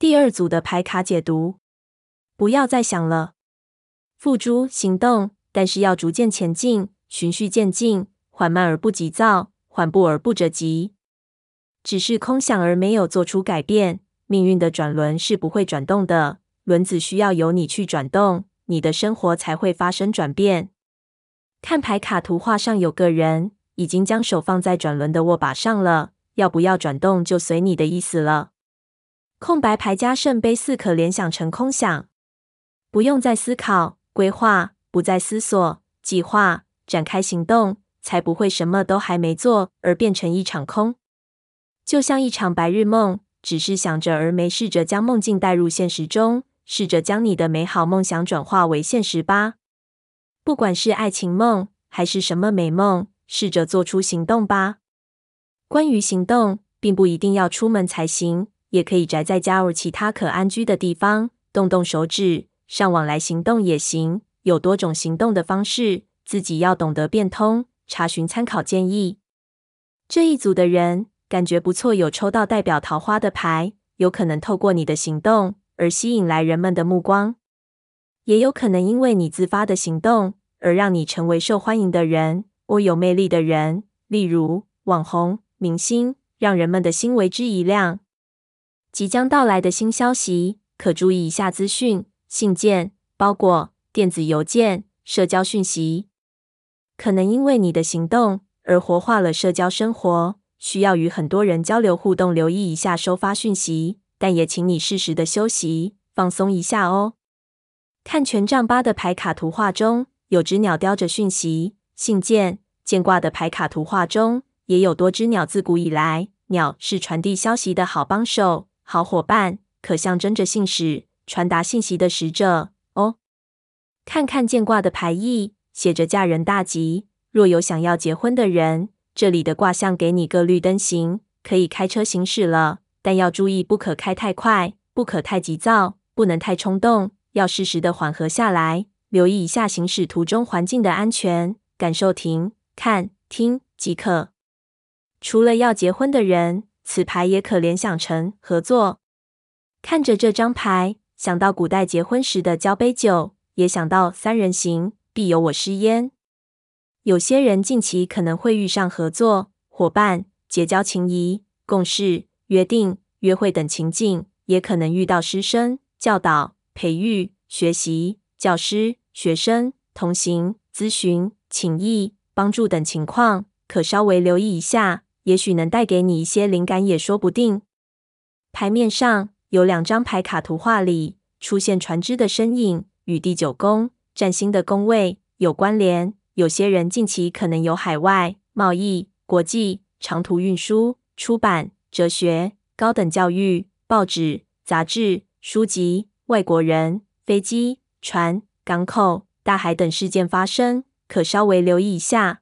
第二組的牌卡解讀，不要再想了，付諸行動，但是要逐漸前進，循序漸進，緩慢而不急躁，緩步而不着急。只是空想而沒有做出改變，命運的轉輪是不會轉動的，輪子需要由你去轉動，你的生活才會發生轉變。看牌卡圖畫上有個人，已經將手放在轉輪的握把上了，要不要轉動就隨你的意思了。空白牌加聖杯四，可聯想成空想，不用再思考規劃，不再思索計劃，展開行動，才不會什麼都還沒做而變成一場空。就像一場白日夢，只是想着而沒試着將夢境帶入現實中，試着將你的美好夢想轉化為現實吧。不管是愛情夢，還是什麼美夢，試着做出行動吧。關於行動，並不一定要出門才行。也可以宅在家，或其他可安居的地方，動動手指上網來行動也行，有多種行動的方式，自己要懂得變通，查詢參考建議。這一組的人感覺不錯，有抽到代表桃花的牌，有可能透過你的行動而吸引來人們的目光，也有可能因為你自發的行動而讓你成為受歡迎的人或有魅力的人，例如網紅、明星，讓人們的心為之一亮。即將到來的新消息，可注意一下資訊、信件、包裹、電子郵件、社交訊息。可能因為你的行動而活化了社交生活，需要與很多人交流互動。留意一下收發訊息，但也請你適時的休息，放鬆一下哦。看權杖八的牌卡圖畫中有隻鳥叼着訊息信件，漸卦的牌卡圖畫中也有多隻鳥。自古以來，鳥是傳遞消息的好幫手。好夥伴，可象徵着信使，傳達信息的使者哦。看看漸卦的牌義，寫着嫁人大吉。若有想要結婚的人，這裡的卦象給你個綠燈行，可以開車行駛了。但要注意，不可開太快，不可太急躁，不能太衝動，要適時的緩和下來，留意一下行駛途中環境的安全，感受停、看、聽即可。除了要結婚的人。此牌也可聯想成合作。看着這張牌，想到古代結婚時的交杯酒，也想到三人行，必有我師焉。有些人近期可能會遇上合作、夥伴、結交情誼、共事、約定、約會等情境，也可能遇到師生、教導、培育、學習、教師、學生、同行、諮詢、請益、幫助等情況，可稍微留意一下。也許能帶給你一些靈感，也說不定。牌面上有兩張牌卡，圖畫裡出現船隻的身影，與第九宮占星的宮位有關聯。有些人近期可能有海外貿易、國際長途運輸、出版、哲學、高等教育、報紙、雜誌、書籍、外國人、飛機、船、港口、大海等事件發生，可稍微留意一下。